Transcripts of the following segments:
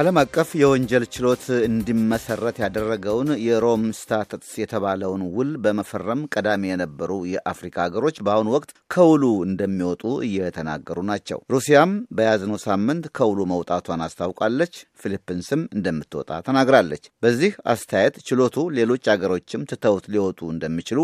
ዓለም አቀፍ የወንጀል ችሎት እንዲመሰረት ያደረገውን የሮም ስታተስ የተባለውን ውል በመፈረም ቀዳሚ የነበሩ የአፍሪካ ሀገሮች በአሁኑ ወቅት ከውሉ እንደሚወጡ እየተናገሩ ናቸው። ሩሲያም በያዝነው ሳምንት ከውሉ መውጣቷን አስታውቃለች። ፊሊፒንስም እንደምትወጣ ተናግራለች። በዚህ አስተያየት ችሎቱ ሌሎች አገሮችም ትተውት ሊወጡ እንደሚችሉ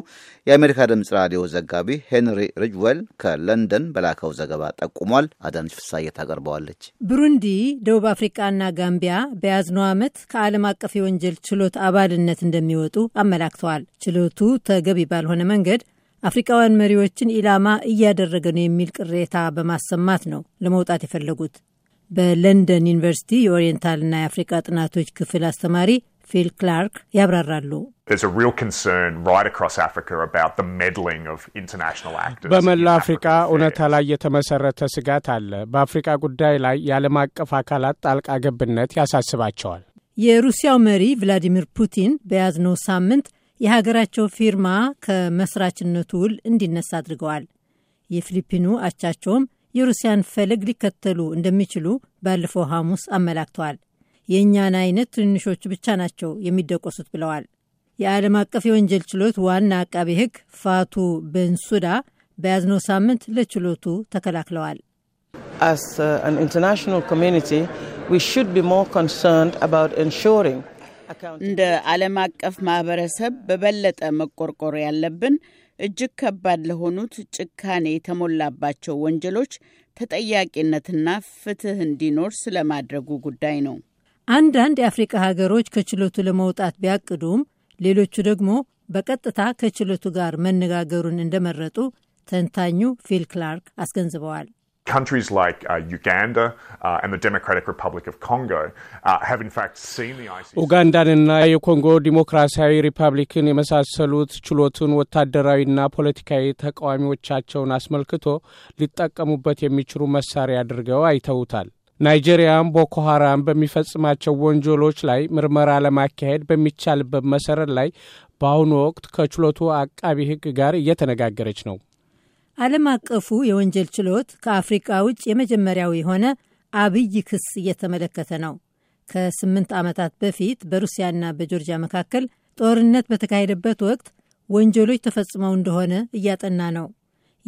የአሜሪካ ድምፅ ራዲዮ ዘጋቢ ሄንሪ ሪጅዌል ከለንደን በላከው ዘገባ ጠቁሟል። አዳነች ፍሳየት አቀርበዋለች። ብሩንዲ፣ ደቡብ አፍሪቃና ጋምቢያ በያዝነው ዓመት ከዓለም አቀፍ የወንጀል ችሎት አባልነት እንደሚወጡ አመላክተዋል። ችሎቱ ተገቢ ባልሆነ መንገድ አፍሪካውያን መሪዎችን ኢላማ እያደረገ ነው የሚል ቅሬታ በማሰማት ነው ለመውጣት የፈለጉት። በለንደን ዩኒቨርሲቲ የኦሪየንታልና የአፍሪካ ጥናቶች ክፍል አስተማሪ ፊል ክላርክ ያብራራሉ። በመላ አፍሪካ እውነታ ላይ የተመሰረተ ስጋት አለ። በአፍሪካ ጉዳይ ላይ የዓለም አቀፍ አካላት ጣልቃ ገብነት ያሳስባቸዋል። የሩሲያው መሪ ቭላዲሚር ፑቲን በያዝነው ሳምንት የሀገራቸው ፊርማ ከመስራችነቱ ውል እንዲነሳ አድርገዋል። የፊሊፒኑ አቻቸውም የሩሲያን ፈለግ ሊከተሉ እንደሚችሉ ባለፈው ሐሙስ አመላክተዋል። የእኛን አይነት ትንንሾቹ ብቻ ናቸው የሚደቆሱት ብለዋል። የዓለም አቀፍ የወንጀል ችሎት ዋና አቃቤ ሕግ ፋቱ ቤንሱዳ በያዝነው ሳምንት ለችሎቱ ተከላክለዋል። uh, እንደ ዓለም አቀፍ ማህበረሰብ በበለጠ መቆርቆር ያለብን እጅግ ከባድ ለሆኑት ጭካኔ የተሞላባቸው ወንጀሎች ተጠያቂነትና ፍትህ እንዲኖር ስለማድረጉ ጉዳይ ነው። አንዳንድ የአፍሪቃ ሀገሮች ከችሎቱ ለመውጣት ቢያቅዱም ሌሎቹ ደግሞ በቀጥታ ከችሎቱ ጋር መነጋገሩን እንደመረጡ ተንታኙ ፊል ክላርክ አስገንዝበዋል። ኡጋንዳንና uh, uh, uh, የኮንጎ ዲሞክራሲያዊ ሪፐብሊክን የመሳሰሉት ችሎቱን ወታደራዊና ፖለቲካዊ ተቃዋሚዎቻቸውን አስመልክቶ ሊጠቀሙበት የሚችሉ መሳሪያ አድርገው አይተውታል። ናይጄሪያም ቦኮ ሃራም በሚፈጽማቸው ወንጀሎች ላይ ምርመራ ለማካሄድ በሚቻልበት መሰረት ላይ በአሁኑ ወቅት ከችሎቱ አቃቢ ሕግ ጋር እየተነጋገረች ነው። ዓለም አቀፉ የወንጀል ችሎት ከአፍሪቃ ውጭ የመጀመሪያው የሆነ አብይ ክስ እየተመለከተ ነው። ከስምንት ዓመታት በፊት በሩሲያና በጆርጂያ መካከል ጦርነት በተካሄደበት ወቅት ወንጀሎች ተፈጽመው እንደሆነ እያጠና ነው።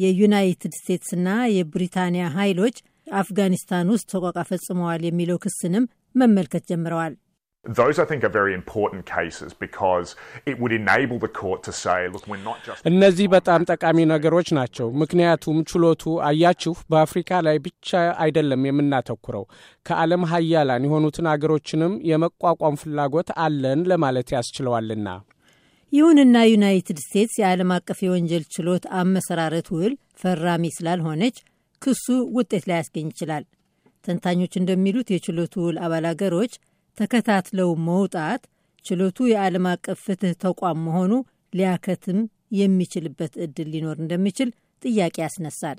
የዩናይትድ ስቴትስና የብሪታንያ ኃይሎች አፍጋኒስታን ውስጥ ሰቆቃ ፈጽመዋል የሚለው ክስንም መመልከት ጀምረዋል። እነዚህ በጣም ጠቃሚ ነገሮች ናቸው። ምክንያቱም ችሎቱ አያችሁ፣ በአፍሪካ ላይ ብቻ አይደለም የምናተኩረው ከዓለም ሀያላን የሆኑትን አገሮችንም የመቋቋም ፍላጎት አለን ለማለት ያስችለዋልና። ይሁንና ዩናይትድ ስቴትስ የዓለም አቀፍ የወንጀል ችሎት አመሰራረት ውል ፈራሚ ስላልሆነች ክሱ ውጤት ላያስገኝ ይችላል። ተንታኞች እንደሚሉት የችሎቱ ውል አባል አገሮች ተከታትለው መውጣት ችሎቱ የዓለም አቀፍ ፍትህ ተቋም መሆኑ ሊያከትም የሚችልበት እድል ሊኖር እንደሚችል ጥያቄ ያስነሳል።